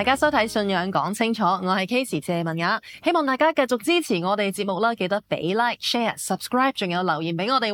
大家收睇《信仰講清楚》，我係 Casey 謝文雅，希望大家繼續支持我哋節目啦！記得俾 Like、Share、Subscribe，仲有留言俾我哋。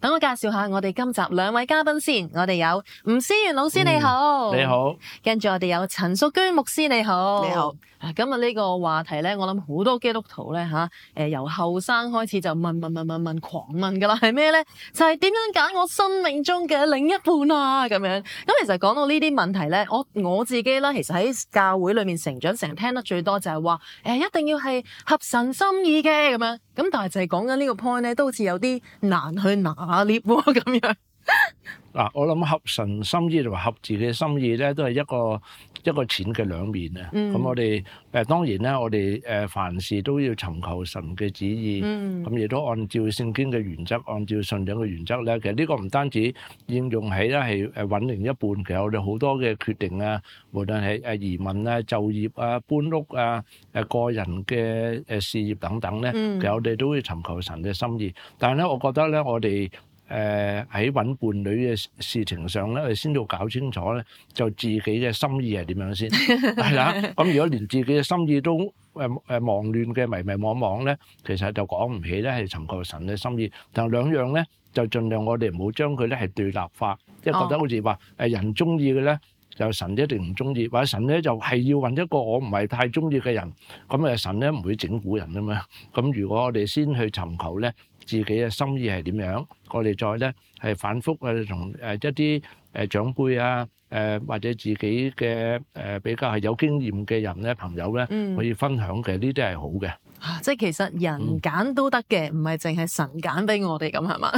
等我介紹下我哋今集兩位嘉賓先。我哋有吳思源老師，你好，嗯、你好。跟住我哋有陳淑娟牧師，你好，你好。今日呢個話題咧，我諗好多基督徒咧吓，誒、啊呃、由後生開始就問問問問問狂問噶啦，係咩咧？就係、是、點樣揀我生命中嘅另一半啊？咁樣咁，其實講到呢啲問題咧，我我自己啦，其實喺教會裏面成長，成日聽得最多就係話，誒、欸、一定要係合神心意嘅，咁樣，咁但係就係講緊呢個 point 咧，都好似有啲難去拿捏咁樣。 嗱，我諗合神心意同埋合自己心意咧，都係一個一個錢嘅兩面啊。咁我哋誒當然咧，我哋誒凡事都要尋求神嘅旨意，咁亦都按照聖經嘅原則，按照信仰嘅原則咧。其實呢個唔單止應用喺咧係誒揾另一半，其實我哋好多嘅決定啊，無論係誒移民啊、就業啊、搬屋啊、誒個人嘅誒事業等等咧，其實我哋都會尋求神嘅心意。但係咧，我覺得咧，我哋誒喺揾伴侶嘅事情上咧，我哋先要搞清楚咧，就自己嘅心意係點樣先係啦。咁如果連自己嘅心意都誒誒忙亂嘅迷迷惘惘咧，其實就講唔起咧，係尋求神嘅心意。但兩樣咧就盡量我哋唔好將佢咧係對立化，即係覺得好似話誒人中意嘅咧，就神一定唔中意，或者神咧就係要揾一個我唔係太中意嘅人，咁誒神咧唔會整蠱人啊嘛。咁如果我哋先去尋求咧。自己嘅心意係點樣？我哋再咧係反覆啊，同誒一啲誒長輩啊，誒或者自己嘅誒比較係有經驗嘅人咧，朋友咧可以分享嘅，呢啲係好嘅嚇。即係其實人揀都得嘅，唔係淨係神揀俾我哋咁係嘛？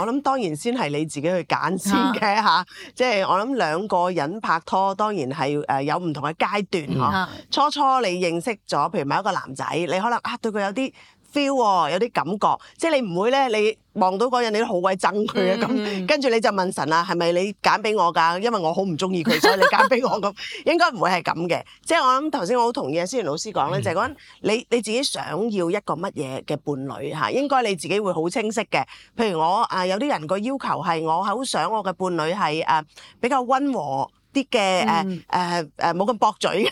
我諗當然先係你自己去揀先嘅嚇。即係我諗兩個人拍拖當然係誒有唔同嘅階段嚇。初初你認識咗，譬如某一個男仔，你可能啊對佢有啲。feel 有啲感覺，即係你唔會咧，你望到嗰人你都好鬼憎佢啊咁，跟住、mm hmm. 你就問神啊，係咪你揀俾我㗎？因為我好唔中意佢，所以你揀俾我咁， 應該唔會係咁嘅。即係我諗頭先，我好同意啊，思源老師講咧，就係、是、講你你自己想要一個乜嘢嘅伴侶嚇，應該你自己會好清晰嘅。譬如我啊，有啲人個要求係我好想我嘅伴侶係誒比較溫和啲嘅誒誒誒，冇咁駁嘴，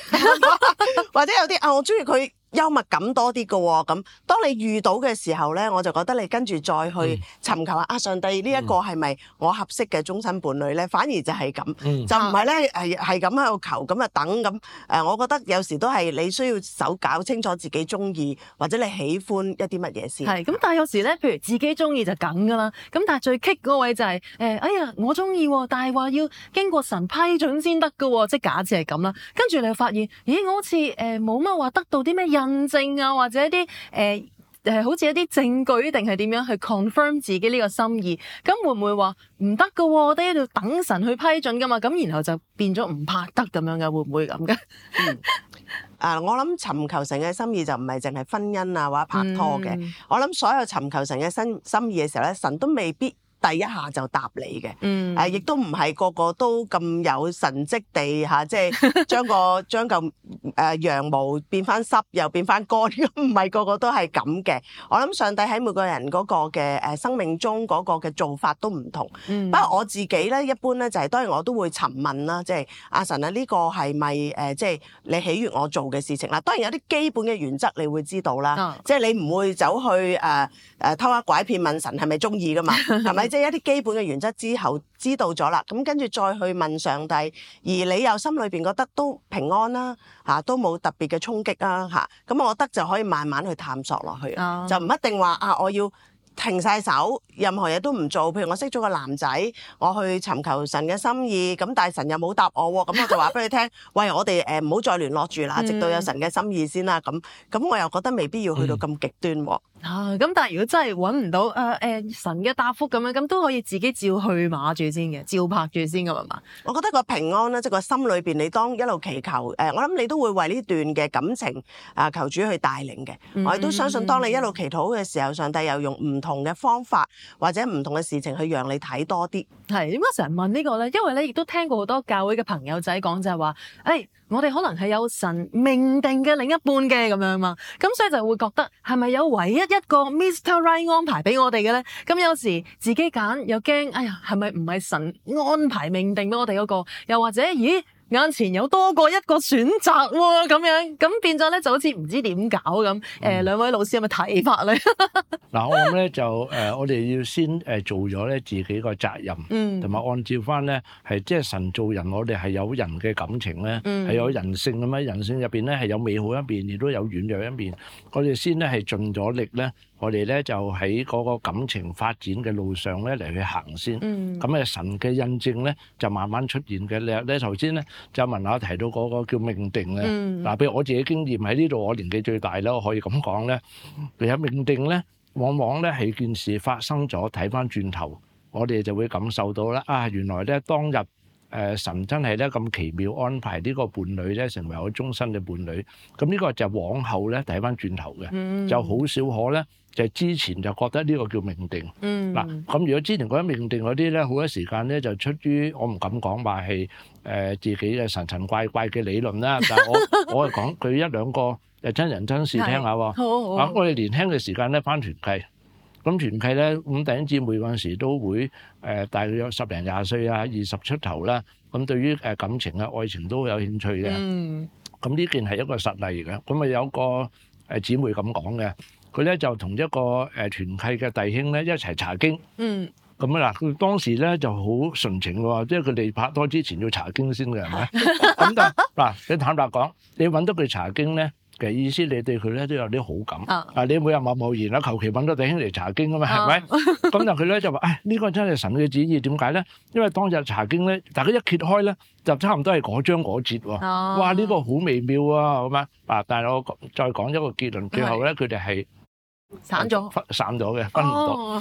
或者有啲啊，我中意佢。幽默感多啲噶咁，當你遇到嘅時候咧，我就覺得你跟住再去尋求啊！嗯、啊，上帝呢一個係咪我合適嘅終身伴侶咧？反而就係咁，嗯、就唔係咧，係係咁喺度求咁啊等咁誒、呃，我覺得有時都係你需要手搞清楚自己中意或者你喜歡一啲乜嘢先。係咁，但係有時咧，譬如自己中意就梗噶啦。咁但係最棘嗰位就係、是、誒、呃，哎呀，我中意，但係話要經過神批准先得噶喎，即係假設係咁啦。跟住你發現，咦，咦我好似誒冇乜話得到啲乜嘢。印證啊，或者一啲誒誒，好似一啲證據定係點樣去 confirm 自己呢個心意？咁會唔會話唔得噶？我都喺度等神去批准噶嘛？咁然後就變咗唔拍得咁樣嘅，會唔會咁嘅？啊、 嗯，我諗尋求神嘅心意就唔係淨係婚姻啊，或者拍拖嘅。嗯、我諗所有尋求神嘅心心意嘅時候咧，神都未必。第一下就答你嘅，誒、嗯，亦、啊、都唔係個個都咁有神蹟地吓，即係將個將嚿誒羊毛變翻濕又變翻乾嘅，唔係個個都係咁嘅。我諗上帝喺每個人個嘅誒生命中個嘅做法都唔同。不過、嗯、我自己咧，一般咧就係、是、當然我都會尋問啦，即係阿神啊，呢個係咪誒即係你喜悅我做嘅事情啦、啊？當然有啲基本嘅原則你會知道啦，即係、嗯、你唔會走去誒誒、啊啊、偷呃拐騙問神係咪中意噶嘛，係咪？ 即係一啲基本嘅原則之後知道咗啦，咁跟住再去問上帝，而你又心裏邊覺得都平安啦，吓都冇特別嘅衝擊啊，吓、啊、咁、啊啊、我覺得就可以慢慢去探索落去，哦、就唔一定話啊我要停晒手，任何嘢都唔做。譬如我識咗個男仔，我去尋求神嘅心意，咁但係神又冇答我，咁我就話俾你聽， 喂，我哋誒唔好再聯絡住啦，嗯、直到有神嘅心意先啦。咁咁我又覺得未必要去到咁極端、啊。啊，咁但係如果真係揾唔到誒誒、呃呃、神嘅答覆咁樣，咁都可以自己照去馬住先嘅，照拍住先噶嘛嘛。我覺得個平安咧，即、就、係、是、個心裏邊，你當一路祈求誒、呃，我諗你都會為呢段嘅感情啊、呃、求主去帶領嘅。嗯嗯、我亦都相信，當你一路祈禱嘅時候，上帝又用唔同嘅方法或者唔同嘅事情去讓你睇多啲。係點解成日問個呢個咧？因為咧亦都聽過好多教會嘅朋友仔講就係話，誒、哎、我哋可能係有神命定嘅另一半嘅咁樣嘛。咁所以就會覺得係咪有唯一？一個 Mr. Right 安排俾我哋嘅咧，咁有時自己揀又驚，哎呀，係咪唔係神安排命定俾我哋嗰、那個？又或者咦？眼前有多過一個選擇喎、哦，咁樣咁變咗咧就好似唔知點搞咁。誒、嗯，兩、欸、位老師有咩睇法咧？嗱、 嗯嗯呃，我諗咧就誒，我哋要先誒做咗咧自己個責任，嗯，同埋按照返咧係即係神造人，我哋係有人嘅感情咧，嗯，係有人性咁樣，人性入邊咧係有美好一面，亦都有軟弱一面，我哋先咧係盡咗力咧。我哋咧就喺嗰個感情發展嘅路上咧嚟去行先，咁嘅、嗯、神嘅印證咧就慢慢出現嘅。你咧頭先咧就問我提到嗰個叫命定啊，嗱、嗯，譬如我自己經驗喺呢度，我年紀最大啦，可以咁講咧，其實命定咧往往咧係件事發生咗，睇返轉頭，我哋就會感受到啦。啊，原來咧當日，誒、呃、神真係咧咁奇妙安排呢個伴侶咧成為我終身嘅伴侶，咁呢個就往後咧睇翻轉頭嘅，就好少可咧就係、之前就覺得呢個叫命定。嗱咁、嗯啊、如果之前嗰啲命定嗰啲咧，好多時間咧就出於我唔敢講話係誒自己嘅神神怪怪嘅理論啦。但係我 我係講佢一兩個真人真事聽下。 好，好，啊我哋年輕嘅時間咧翻團契。咁團契咧，咁頂子姊妹嗰陣時都會誒，大約十零廿歲啊，二十出頭啦。咁對於誒感情啊、愛情都有興趣嘅。咁呢件係一個實例嘅。咁啊有個誒姊妹咁講嘅，佢咧就同一個誒團契嘅弟兄咧一齊查經。嗯。咁啊嗱，佢當時咧就好純情喎，即係佢哋拍拖之前要查經先嘅，係咪？咁就嗱，你坦白講，你搵到佢查經咧？嘅意思，你對佢咧都有啲好感啊！你每日話無無言啦，求其搵個弟兄嚟查經啊嘛，係咪？咁但佢咧就話：哎，呢個真係神嘅旨意，點解咧？因為當日查經咧，大家一揭開咧，就差唔多係嗰章嗰節喎。啊、哇！呢個好微妙啊，好嘛？啊！但係我再講一個結論，最後咧佢哋係散咗，散咗嘅，分唔到。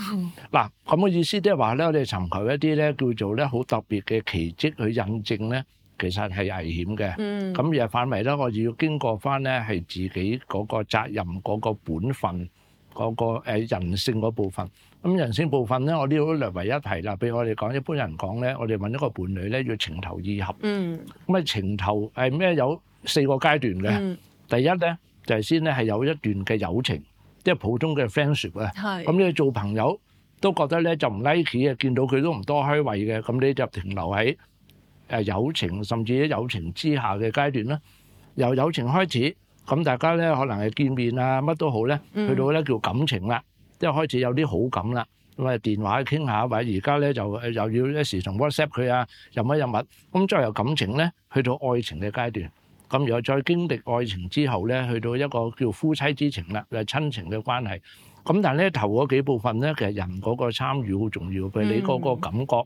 嗱，咁嘅意思即係話咧，我哋尋求一啲咧叫做咧好特別嘅奇蹟去印證咧。其實係危險嘅，咁而範圍咧，我要經過翻咧，係自己嗰個責任、嗰個本分、嗰個誒人性嗰部分。咁人性部分咧，我呢度都略為一提啦。譬如我哋講，一般人講咧，我哋揾一個伴侶咧，要情投意合。嗯，咁啊情投係咩？有四個階段嘅。第一咧就係先咧係有一段嘅友情，即係普通嘅 friendship 咧。係。咁你做朋友都覺得咧就唔 like 嘅，見到佢都唔多開胃嘅，咁你就停留喺誒友情甚至喺友情之下嘅階段啦，由友情開始，咁大家咧可能係見面啊，乜都好咧，去到咧叫感情啦，即係開始有啲好感啦，咁啊電話傾下，或者而家咧就又要一時同 WhatsApp 佢啊，任乜任物，咁再由感情咧去到愛情嘅階段，咁然後再經歷愛情之後咧，去到一個叫夫妻之情啦，就係親情嘅關係，咁但係咧頭嗰幾部分咧，其實人嗰個參與好重要，譬如你嗰個感覺。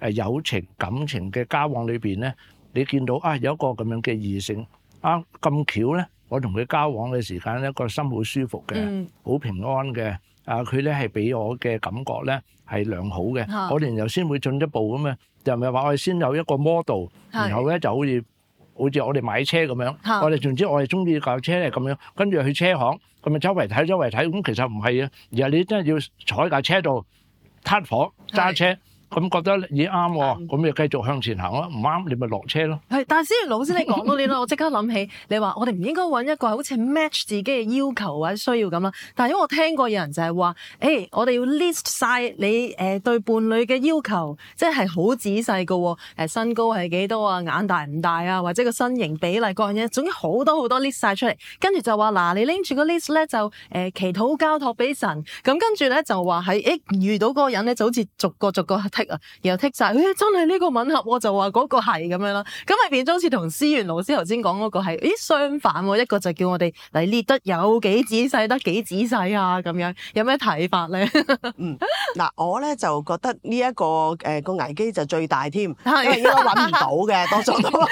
誒友情感情嘅交往裏邊咧，你見到啊有一個咁樣嘅異性啊咁巧咧，我同佢交往嘅時間咧，個心好舒服嘅，好平安嘅啊，佢咧係俾我嘅感覺咧係良好嘅，我哋由先會進一步咁樣，就咪話我哋先有一個 model，然後咧就好似好似我哋買車咁樣，我哋總之我係中意架車咧咁樣，跟住去車行咁咪周圍睇周圍睇，咁其實唔係啊，而係你真係要坐架車度撻火揸車。咁覺得已啱喎，咁就繼續向前行咯。唔啱，你咪落車咯。係， 但係雖然老師你講到呢度，我即刻諗起你話我哋唔應該揾一個好似 match 自己嘅要求或者需要咁啦。但係因為我聽過有人就係話，誒、欸、我哋要 list 晒你誒、呃、對伴侶嘅要求，即係好仔細嘅喎、呃。身高係幾多啊？眼大唔大啊？或者個身形比例各樣嘢，總之好多好多 list 晒出嚟，跟住就話嗱、呃，你拎住個 list 咧就誒、呃、祈禱交託俾神。咁跟住咧就話喺誒遇到嗰個人咧，就好似逐個逐個。又剔晒、欸，真係呢個吻合、啊，我就話嗰個係咁樣啦。咁咪變咗，好似同思源老師頭先講嗰個係，相反喎、啊。一個就叫我哋嚟列得有幾仔細，得幾仔細啊咁樣。有咩睇法咧？嗱、嗯呃，我咧就覺得呢、這、一個誒個、呃、危機就最大添，係 因為揾唔到嘅 多數都。誒、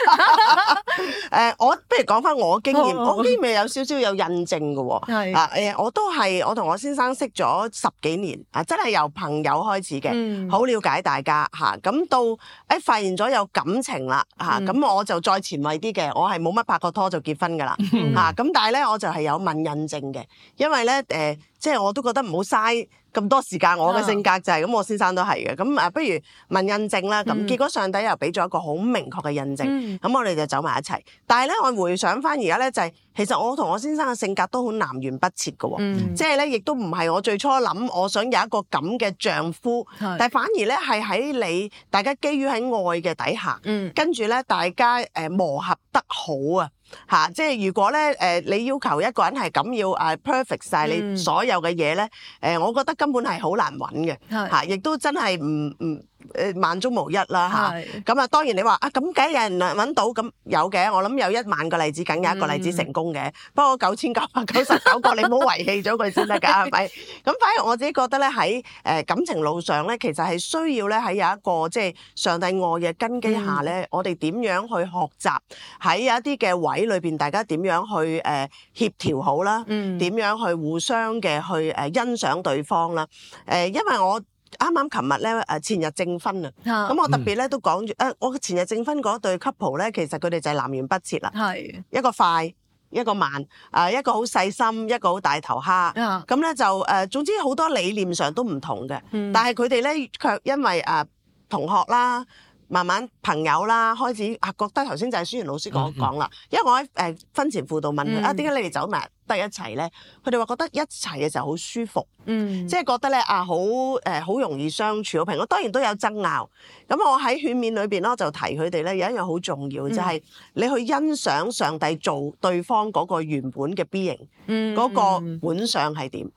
呃，我不如講返我經驗，我呢邊有少少有印證嘅喎。啊、哦，誒、呃呃，我都係我同我先生識咗十幾年，啊，真係由朋友開始嘅，嗯、好了解。 大家吓，咁到誒、欸、發現咗有感情啦吓，咁、啊嗯嗯、我就再前衛啲嘅，我係冇乜拍過拖就結婚噶啦吓，咁、嗯嗯嗯、但係咧我就係有問印證嘅，因為咧誒，即、呃、係、就是、我都覺得唔好嘥。咁多時間，我嘅性格就係、是、咁，我先生都係嘅。咁啊，不如問印證啦。咁、嗯、結果上帝又俾咗一個好明確嘅印證，咁、嗯、我哋就走埋一齊。但係咧，我回想翻而家咧就係、是、其實我同我先生嘅性格都好南緣北切嘅、哦，嗯、即係咧亦都唔係我最初諗我想有一個咁嘅丈夫，是但係反而咧係喺你大家基於喺愛嘅底下，嗯、跟住咧大家誒、呃、磨合得好啊。嚇！即係如果咧，誒你要求一個人係咁要誒 perfect 晒你所有嘅嘢咧，誒我覺得根本係好難揾嘅嚇，是亦都真係唔唔。誒萬中無一啦嚇，咁是啊當然你話啊咁梗有人揾到咁有嘅，我諗有一萬個例子，梗有一個例子成功嘅。嗯、不過九千九百九十九個 你唔好遺棄咗佢先得㗎，係咪是？咁反而我自己覺得咧，喺誒感情路上咧，其實係需要咧喺有一個即係、就是、上帝愛嘅根基下咧，嗯、我哋點樣去學習喺有一啲嘅位裏邊，大家點樣去誒、呃、協調好啦？點、嗯、樣去互相嘅去誒欣賞對方啦？誒、呃，因為我。啱啱琴日咧，誒前日證婚啊。咁我特別咧、嗯、都講住，誒我前日證婚嗰對 couple 咧，其實佢哋就係南轅北轍啦，是一個快一個慢，誒、呃、一個好細心，一個好大頭蝦，咁咧、啊、就誒、呃、總之好多理念上都唔同嘅，嗯、但係佢哋咧卻因為誒、呃、同學啦。慢慢朋友啦，開始啊覺得頭先就係舒然老師講講啦，mm hmm. 因為我喺誒婚前輔導問佢、mm hmm. 啊，點解你哋走埋得一齊咧？佢哋話覺得一齊嘅時候好舒服，嗯、mm，hmm. 即係覺得咧啊好誒好、呃、容易相處好平，我當然都有爭拗。咁我喺勸勉裏邊咯，就提佢哋咧有一樣好重要就係、是 mm hmm. 你去欣賞上帝做對方嗰個原本嘅 being，嗯，嗰個本相係點。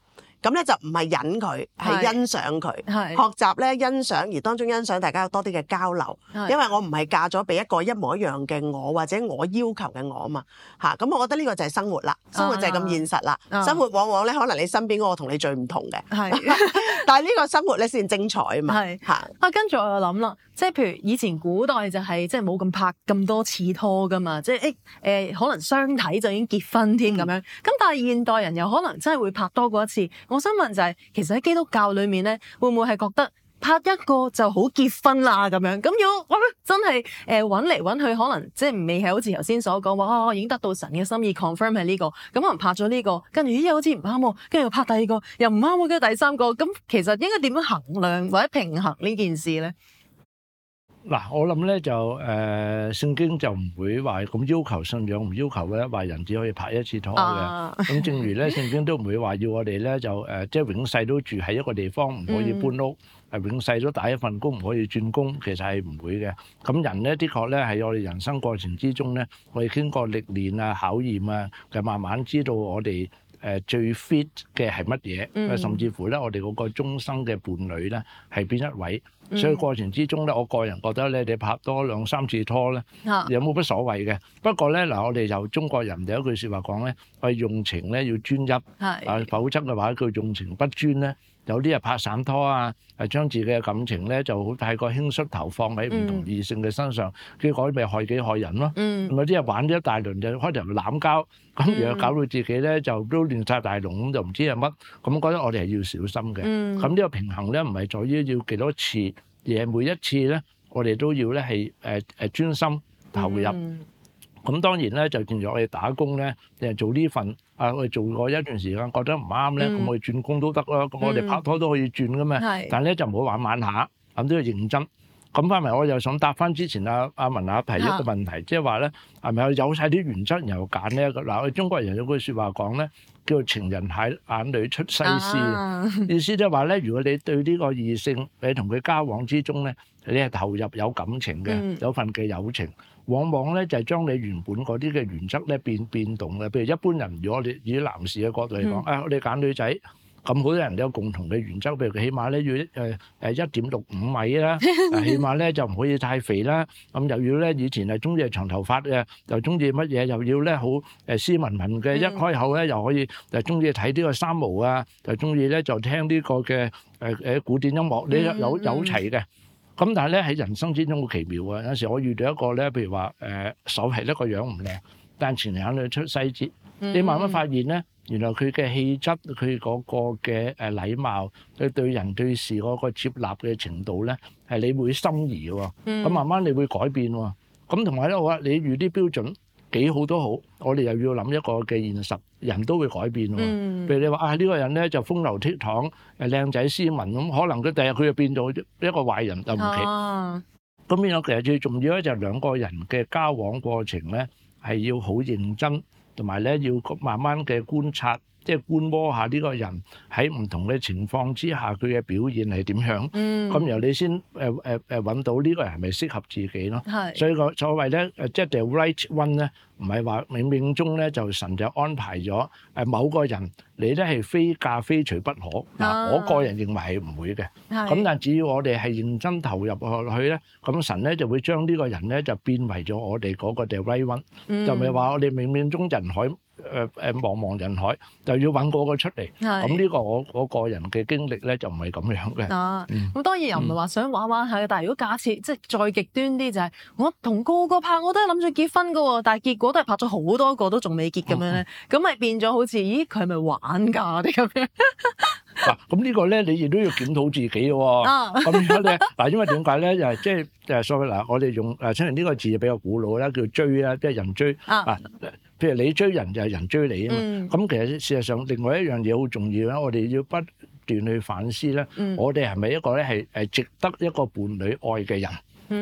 咁咧就唔係忍佢，係欣賞佢，學習咧欣賞，而當中欣賞大家有多啲嘅交流。是因為我唔係嫁咗俾一個一模一樣嘅我，或者我要求嘅我啊嘛。嚇、啊，咁我覺得呢個就係生活啦，生活就係咁現實啦。啊、生活往往咧，可能你身邊嗰個同你最唔同嘅，是 但係呢個生活咧先精彩啊嘛。嚇是！啊，跟住我又諗啦。即係譬如以前古代就係即係冇咁拍咁多次拖噶嘛，即係誒誒可能相睇就已經結婚添咁樣。咁、嗯、但係現代人又可能真係會拍多過一次。我想問就係、是，其實喺基督教裏面咧，會唔會係覺得拍一個就好結婚啦咁樣？咁要、啊、真係誒揾嚟揾去，可能即係未係好似頭先所講話，我、哦、已經得到神嘅心意 confirm 係呢個，咁可能拍咗呢、這個，跟住咦，好似唔啱，跟住又拍第二個又唔啱，跟住第三個，咁其實應該點樣衡量或者平衡呢件事咧？嗱，我諗咧就誒聖經就唔會話咁要求信仰，唔要求咧話人只可以拍一次拖嘅。咁正如咧聖經都唔會話要我哋咧就誒，即係永世都住喺一個地方，唔可以搬屋，係永世都打一份工，唔可以轉工，其實係唔會嘅。咁人咧的確咧喺我哋人生過程之中咧，我哋經過歷練啊、考驗啊就，慢慢知道我哋誒最 fit 嘅係乜嘢，甚至乎咧我哋嗰個終生嘅伴侶咧係邊一位。所以過程之中咧，我個人覺得咧，你拍多兩三次拖咧，有冇乜所謂嘅？不過咧，嗱，我哋由中國人有一句説話講咧，係用情咧要專一，啊，否則嘅話佢用情不專咧。有啲人拍散拖啊，係將自己嘅感情咧就好太過輕率投放喺唔同異性嘅身上，結果咪害己害人咯。嗯，有啲人玩咗一大輪就開頭濫交，咁而又搞到自己咧就都亂曬大龍咁，就唔知係乜。咁覺得我哋係要小心嘅。咁呢個平衡咧，唔係在於要幾多次，而係每一次咧，我哋都要咧係誒誒專心投入。咁當然咧就變咗我哋打工咧，誒做呢份、啊、我哋做過一段時間覺得唔啱咧，咁、嗯、我哋轉工都得啦。咁、嗯、我哋拍拖都可以轉㗎嘛、嗯。但係咧就唔好玩玩下，咁都要認真。咁翻嚟，我又想答翻之前阿阿文阿提一個問題，啊、即係話咧係咪有有曬啲原則然後揀呢一個？嗱，我中國人有句説話講咧，叫做情人喺眼裡出西施，啊、意思就係話咧，如果你對呢個異性你同佢交往之中咧，你係投入有感情嘅，嗯、有份嘅友情，往往咧就係、是、將你原本嗰啲嘅原則咧變變動嘅。譬如一般人，如果你以男士嘅角度嚟講，啊、嗯哎，你揀女仔。咁好多人有共同嘅原則，譬如起碼咧要誒誒一點六五米啦，起碼咧就唔可以太肥啦。咁又要咧以前係中意長頭髮嘅，又中意乜嘢，又要咧好誒斯文文嘅，一開口咧又可以又中意睇呢個三毛啊，又中意咧就聽呢個嘅誒誒古典音樂，呢有有齊嘅。咁但係咧喺人生之中好奇妙啊！有時我遇到一個咧，譬如話誒、呃，手係得個樣唔靚，但情人眼裡出細節，嗯、你慢慢發現咧，原來佢嘅氣質、佢嗰個嘅誒禮貌、佢對人對事嗰個接納嘅程度咧，係你會心儀喎。咁、嗯、慢慢你會改變喎。咁同埋咧，我話你遇啲標準幾好都好，我哋又要諗一個嘅現實。人都會改變喎、啊，譬如你話啊，呢、呢個人咧就風流倜儻，誒靚仔斯文咁，可能佢第日佢就變做一個壞人就唔奇。咁、啊、樣其實最重要咧就係兩個人嘅交往過程咧係要好認真，同埋咧要慢慢嘅觀察。即係觀摩下呢個人喺唔同嘅情況之下佢嘅表現係點樣，咁然後你先誒誒誒揾到呢個人係咪適合自己咯？係，所以個所謂咧誒，即係 the right one 咧，唔係話冥冥中咧就神就安排咗誒某個人，你咧係非嫁非娶不可。嗱，我個人認為係唔會嘅。係，咁但只要我哋係認真投入落去咧，咁神咧就會將呢個人咧就變為咗我哋嗰個 the right one，就唔係話我哋冥冥中人海。誒誒，茫茫人海，就要搵個個出嚟。咁呢個我我個人嘅經歷咧，就唔係咁樣嘅。咁當然又唔係話想玩玩下嘅。但係如果假設即係再極端啲，就係我同個個拍，我都係諗住結婚嘅。但係結果都係拍咗好多個都仲未結咁樣咧。咁咪變咗好似，咦佢係咪玩㗎啲咁樣？嗱，咁呢個咧，你亦都要檢討自己喎。啊，咁嗱，因為點解咧？就係即係誒所謂嗱，我哋用誒，雖然呢個字比較古老啦，叫追啦，即係人追啊。譬如你追人就係人追你啊嘛，咁其實事實上另外一樣嘢好重要咧，我哋要不斷去反思咧，我哋係咪一個咧係係值得一個伴侶愛嘅人？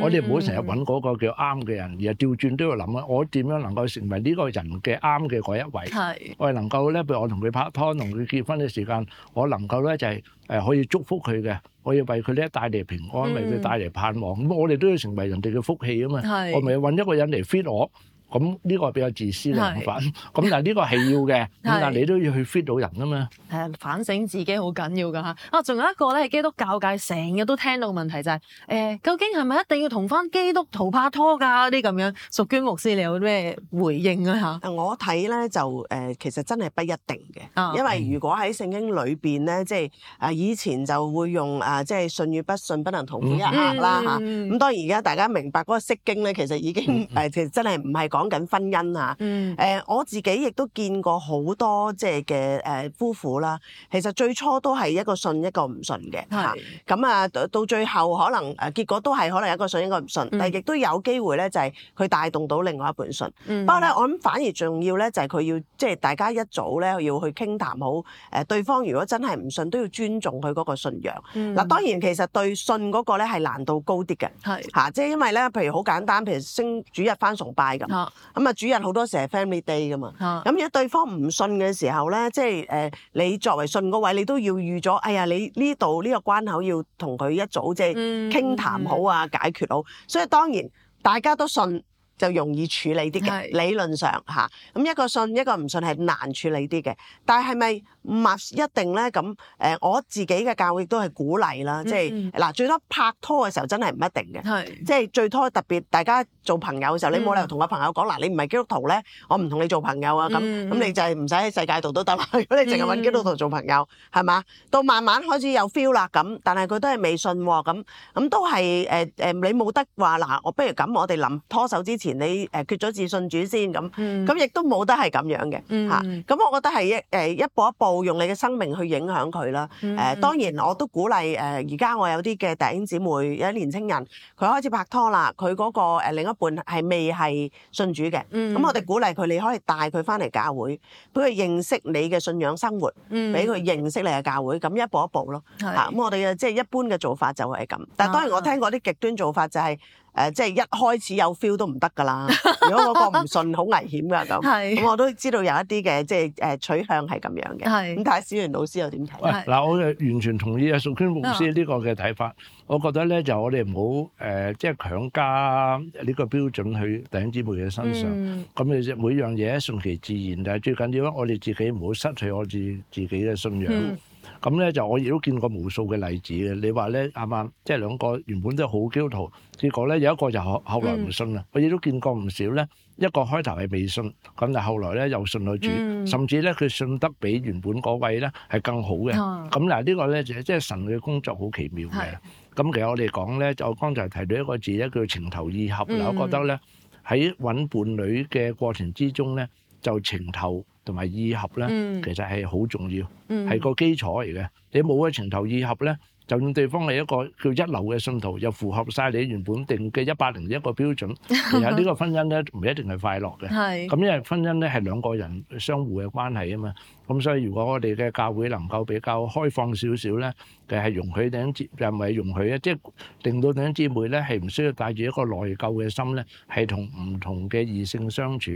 我哋唔好成日揾嗰個叫啱嘅人，而係調轉都要諗啊，我點樣能夠成為呢個人嘅啱嘅嗰一位？我係能夠咧，譬如我同佢拍拖、同佢結婚嘅時間，我能夠咧就係誒可以祝福佢嘅，我要為佢呢帶嚟平安，為佢帶嚟盼望。咁我哋都要成為人哋嘅福氣啊嘛，我咪揾一個人嚟 fit 我咁呢個比較自私嘅想法，咁但係呢個係要嘅，咁但係你都要去 fit 到人㗎嘛？係反省自己好緊要㗎嚇。啊，仲有一個咧，基督教界成日都聽到問題就係、是、誒、欸，究竟係咪一定要同返基督徒拍拖㗎？啲咁樣，淑娟牧師你有咩回應啊？嚇？我睇咧就誒，其實真係不一定嘅，因為如果喺聖經裏邊咧，即係啊、嗯、以前就會用啊即係信與不信不能同負一軛啦嚇。咁、嗯嗯、當然而家大家明白嗰、那個釋經咧，其實已經誒其實真係唔係講緊婚姻啊，誒、嗯、我自己亦都見過好多即係嘅誒夫婦啦。其實最初都係一個信一個唔信嘅，係咁是啊到，到最後可能誒、啊、結果都係可能一個信一個唔信，嗯、但係亦都有機會咧就係佢帶動到另外一半信。不過咧我諗反而重要咧就係、是、佢要即係、就是、大家一早咧要去傾談好誒、呃、對方如果真係唔信都要尊重佢嗰個信仰。嗱、嗯啊、當然其實對信嗰個咧係難度高啲嘅，係嚇即係因為咧譬如好簡單譬如升主日返崇拜咁。樣咁啊，主日好多時係 family day 噶嘛，咁、嗯、如果對方唔信嘅時候咧，即係誒，你作為信個位，你都要預咗，哎呀，你呢度呢個關口要同佢一早即係傾、嗯、談好啊，解決好。嗯、所以當然大家都信就容易處理啲嘅，是理論上嚇。咁、嗯、一個信一個唔信係難處理啲嘅，但係咪？唔一定咧，咁誒我自己嘅教育亦都係鼓勵啦，即係嗱最多拍拖嘅時候真係唔一定嘅，是即係最多特別大家做朋友嘅時候，嗯、你冇理由同個朋友講嗱你唔係基督徒咧，我唔同你做朋友啊，咁咁、嗯、你就係唔使喺世界度都得，如果你淨係揾基督徒做朋友係嘛？到慢慢開始有 feel 啦咁，但係佢都係未信喎咁，咁都係誒誒你冇得話嗱，我不如咁，我哋諗拖手之前你誒決咗自信主先咁，咁亦、嗯嗯嗯、都冇得係咁樣嘅嚇，咁、啊、我覺得係一一,一,一,步一步一步。冇用你嘅生命去影響佢啦。誒、呃，嗯嗯、當然我都鼓勵誒，而、呃、家我有啲嘅弟兄姊妹，有啲年青人，佢開始拍拖啦。佢嗰、那個、呃、另一半係未係信主嘅。咁、嗯、我哋鼓勵佢，你可以帶佢翻嚟教會，俾佢認識你嘅信仰生活，俾佢、嗯、認識你嘅教會，咁一步一步咯。咁是、啊、我哋嘅即係一般嘅做法就係咁。但係當然我聽過啲極端做法就係、是。誒即係一開始有 feel 都唔得㗎啦，如果嗰個唔信，好危險㗎咁。咁 是我都知道有一啲嘅即係誒取向係咁樣嘅。咁睇下小媛老師又點睇？嗱喂是，我係完全同意啊，宋娟牧師呢個嘅睇法。我覺得咧就我哋唔好誒即係強加呢個標準去頂子輩嘅身上。咁其實每樣嘢順其自然，但係最緊要我哋自己唔好失去我自自己嘅信仰。嗯咁咧就我亦都見過無數嘅例子嘅。你話咧啱啱即係兩個原本都係好基督徒，結果咧有一個就後後來唔信啦。我亦都見過唔少咧，一個開頭係未信，咁但係後來咧又信咗主，甚至咧佢信得比原本嗰位咧係更好嘅。咁嗱呢個咧就即係神嘅工作好奇妙嘅。咁其實我哋講咧，我剛才提到一個字咧，叫情投意合。嗱，我覺得咧喺搵伴侶嘅過程之中咧，就情投，同埋意合咧，其實係好重要，係個基礎嚟嘅。你冇咗情投意合咧，就算對方係一個叫一流嘅信徒，又符合曬你原本定嘅一百零一個標準，其實呢個婚姻咧唔一定係快樂嘅。咁因為婚姻咧係兩個人相互嘅關係啊嘛。咁所以如果我哋嘅教會能夠比較開放少少咧，其實係容許弟兄姊妹，又唔係容許啊，即係令到弟兄姊妹咧係唔需要帶住一個內疚嘅心咧，係同唔同嘅異性相處。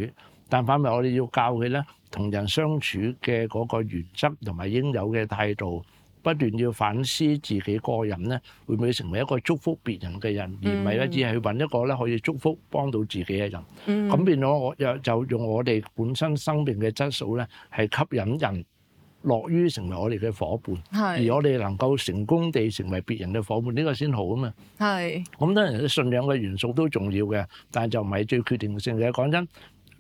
但反為我哋要教佢咧。同人相處嘅嗰個原則同埋應有嘅態度，不斷要反思自己個人咧，會唔會成為一個祝福別人嘅人，而唔係咧只係揾一個咧可以祝福幫到自己嘅人。咁變咗我又就用我哋本身生命嘅質素咧，係吸引人樂於成為我哋嘅夥伴。而我哋能夠成功地成為別人嘅夥伴，呢個先好啊嘛。係咁，當然信仰嘅元素都重要嘅，但係就唔係最決定性嘅。講真。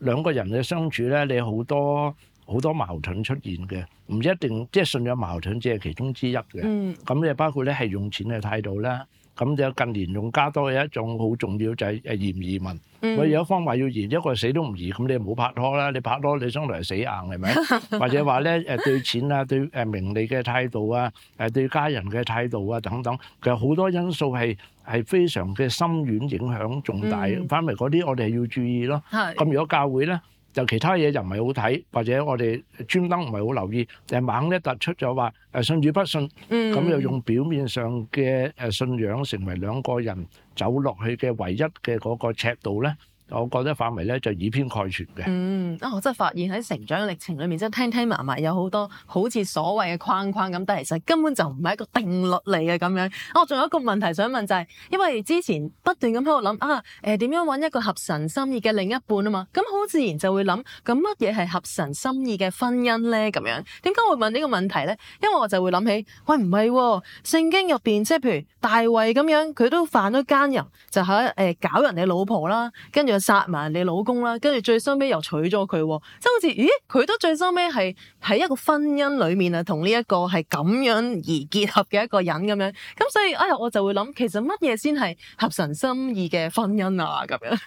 兩個人嘅相處呢，你有好多好多矛盾出現嘅，唔一定即係信仰矛盾，只係其中之一嘅。咁咧、嗯、包括咧係用錢嘅態度啦。咁就近年用加多嘅一種好重要就係誒，移唔移民。我有一方話要移，一個死都唔移，咁你唔好拍拖啦，你拍拖你將來死硬係咪？或者話咧誒，對錢啊，對誒名利嘅態度啊誒對家人嘅態度啊等等，其實好多因素係係非常嘅深遠影響重大。反為嗰啲我哋係要注意咯。咁如果教會咧？就其他嘢就唔係好睇，或者我哋專登唔係好留意，誒猛一突出就話誒信與不信，咁、嗯、又用表面上嘅誒信仰成為兩個人走落去嘅唯一嘅嗰個尺度咧。我覺得範圍咧就以偏概全嘅。嗯，啊，我真係發現喺成長嘅歷程裡面，即係聽聽埋埋有好多好似所謂嘅框框咁，但係其實根本就唔係一個定律嚟嘅咁樣。我、哦、仲有一個問題想問就係、是，因為之前不斷咁喺度諗啊，誒、呃、點樣揾一個合神心意嘅另一半啊嘛，咁、啊、好、嗯、自然就會諗，咁乜嘢係合神心意嘅婚姻咧？咁樣點解會問呢個問題咧？因為我就會諗起，喂唔係、啊、聖經入邊，即係譬如大衛咁樣，佢都犯咗奸淫，就係誒、呃、搞人哋老婆啦，跟住。殺埋你老公啦，跟住最收尾又娶咗佢，即係好似，咦，佢都最收尾係喺一個婚姻裏面啊，同呢一個係咁樣而結合嘅一個人咁樣，咁所以哎呀，我就會諗，其實乜嘢先係合神心意嘅婚姻啊咁樣。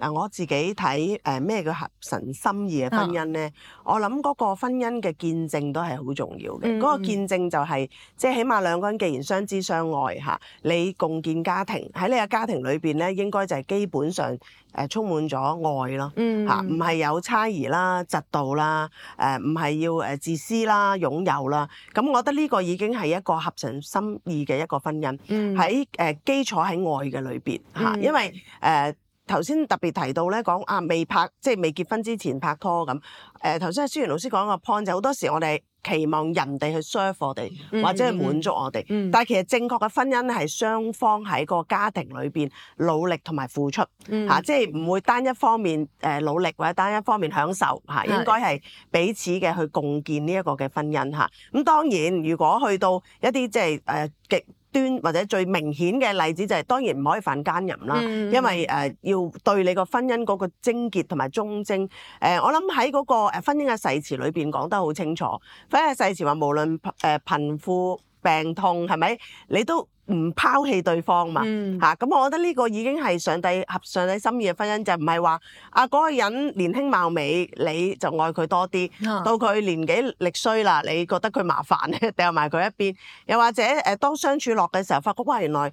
嗱，我自己睇誒咩叫合神心意嘅婚姻咧？Oh. 我諗嗰個婚姻嘅見證都係好重要嘅。嗰、mm hmm. 個見證就係、是、即係起碼兩個人既然相知相愛嚇、啊，你共建家庭喺你嘅家庭裏邊咧，應該就係基本上誒、呃、充滿咗愛咯嚇，唔、啊、係、mm hmm. 有差異啦、嫉妒啦，誒唔係要誒自私啦、擁有啦。咁我覺得呢個已經係一個合神心意嘅一個婚姻，喺誒、mm hmm. 呃、基礎喺愛嘅裏邊嚇，因為誒。呃呃呃呃呃頭先特別提到咧，講啊未拍即係未結婚之前拍拖咁。誒頭先阿書媛老師講個 point 就好多時我哋期望人哋去 serve 我哋、嗯嗯嗯、或者去滿足我哋，但係其實正確嘅婚姻係雙方喺個家庭裏邊努力同埋付出嚇、嗯嗯啊，即係唔會單一方面誒努力或者單一方面享受嚇、啊，應該係彼此嘅去共建呢一個嘅婚姻嚇。咁、啊、當然如果去到一啲即係誒極端或者最明顯嘅例子就係、是、當然唔可以犯奸淫啦，因為誒要對你個婚姻嗰個貞潔同埋忠貞。誒我諗喺嗰個誒婚姻嘅誓詞裏邊講得好清楚，婚姻嘅誓詞話無論誒貧富病痛係咪你都，唔拋棄對方嘛嚇，咁、嗯啊、我覺得呢個已經係上帝合上帝心意嘅婚姻，就唔係話啊嗰、嗰個人年輕貌美你就愛佢多啲，嗯、到佢年紀力衰啦，你覺得佢麻煩咧，掉埋佢一邊，又或者誒、呃、當相處落嘅時候，發覺哇原來。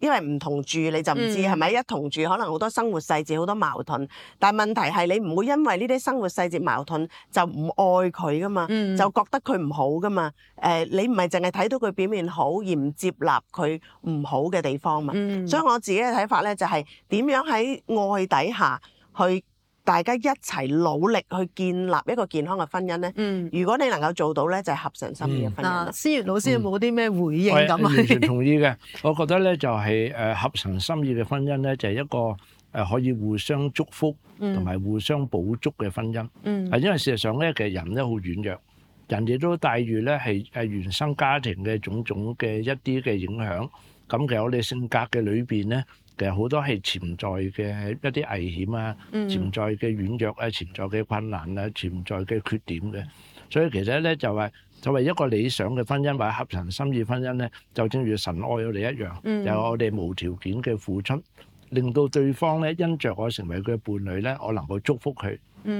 因為唔同住你就唔知係咪、嗯、一同住可能好多生活細節好多矛盾，但係問題係你唔會因為呢啲生活細節矛盾就唔愛佢噶嘛，嗯、就覺得佢唔好噶嘛，誒、呃、你唔係淨係睇到佢表面好而唔接納佢唔好嘅地方嘛，嗯、所以我自己嘅睇法咧就係、是、點樣喺愛底下去。大家一齊努力去建立一個健康嘅婚姻咧。嗯，如果你能夠做到咧，就係、係、合神心意嘅婚姻。思源、嗯啊、老師有冇啲咩回應咁啊？嗯、我完全同意嘅，我覺得咧就係誒合神心意嘅婚姻咧，就係一個誒可以互相祝福同埋互相補足嘅婚姻。嗯，係因為事實上咧，其實人咧好軟弱，人哋都帶住咧係誒原生家庭嘅種種嘅一啲嘅影響。咁其實我哋性格嘅裏邊咧。其實好多係潛在嘅一啲危險啊，潛在嘅軟弱啊，潛在嘅困難啊，潛在嘅缺點嘅。所以其實咧就係作為一個理想嘅婚姻或者合神心意婚姻咧，就正如神愛我哋一樣，有我哋無條件嘅付出，令到對方咧因着我成為佢嘅伴侶咧，我能夠祝福佢，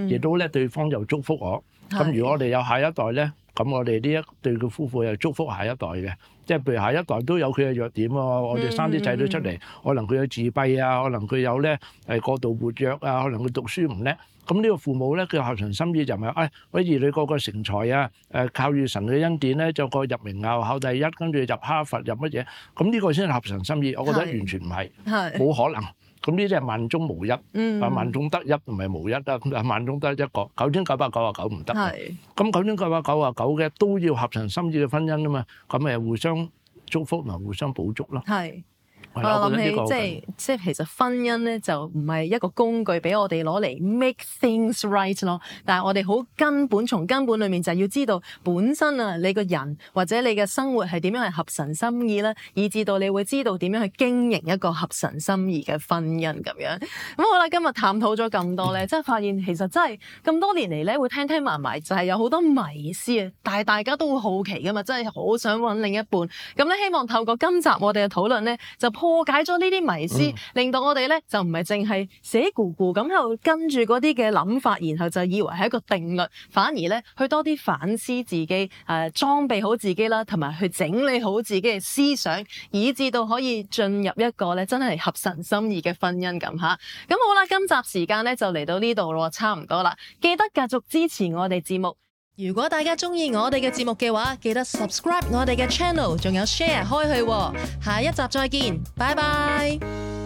亦都咧對方又祝福我。咁如果我哋有下一代咧。咁我哋呢一對嘅夫婦又祝福下一代嘅，即係譬如下一代都有佢嘅弱點喎。我哋生啲仔女出嚟，可能佢有自閉啊，可能佢有咧誒過度活躍啊，可能佢讀書唔叻。咁呢個父母咧，佢合神心意就係誒，我兒女個個成才啊！誒靠住神嘅恩典咧，就個入名校、考第一，跟住入哈佛、入乜嘢。咁呢個先係合神心意，我覺得完全唔係，係，冇可能。咁呢啲係萬中無一，啊、嗯、萬中得一唔係無一啊，萬中得一個九千九百九啊九唔得，咁九千九百九啊九嘅都要合成心意嘅婚姻啊嘛，咁咪互相祝福同互相補足咯。我諗起即係即係，其實婚姻咧就唔係一個工具俾我哋攞嚟 make things right 咯。但係我哋好根本，從根本裏面就要知道本身啊，你個人或者你嘅生活係點樣係合神心意咧，以至到你會知道點樣去經營一個合神心意嘅婚姻咁樣。咁好啦，今日探討咗咁多咧，即係發現其實真係咁多年嚟咧會聽聽埋埋，就係有好多迷思啊！但係大家都會好奇噶嘛，真係好想揾另一半。咁咧，希望透過今集我哋嘅討論咧，就、PO 破解咗呢啲迷思，令到我哋咧就唔係淨係死估估咁喺度跟住嗰啲嘅諗法，然後就以為係一個定律，反而咧去多啲反思自己，誒、呃，裝備好自己啦，同埋去整理好自己嘅思想，以至到可以進入一個咧真係合神心意嘅婚姻咁吓。咁好啦，今集時間咧就嚟到呢度咯，差唔多啦，記得繼續支持我哋節目。如果大家中意我哋嘅節目嘅話，記得 subscribe 我哋嘅 channel，仲有 share 開去喎。下一集再見，拜拜。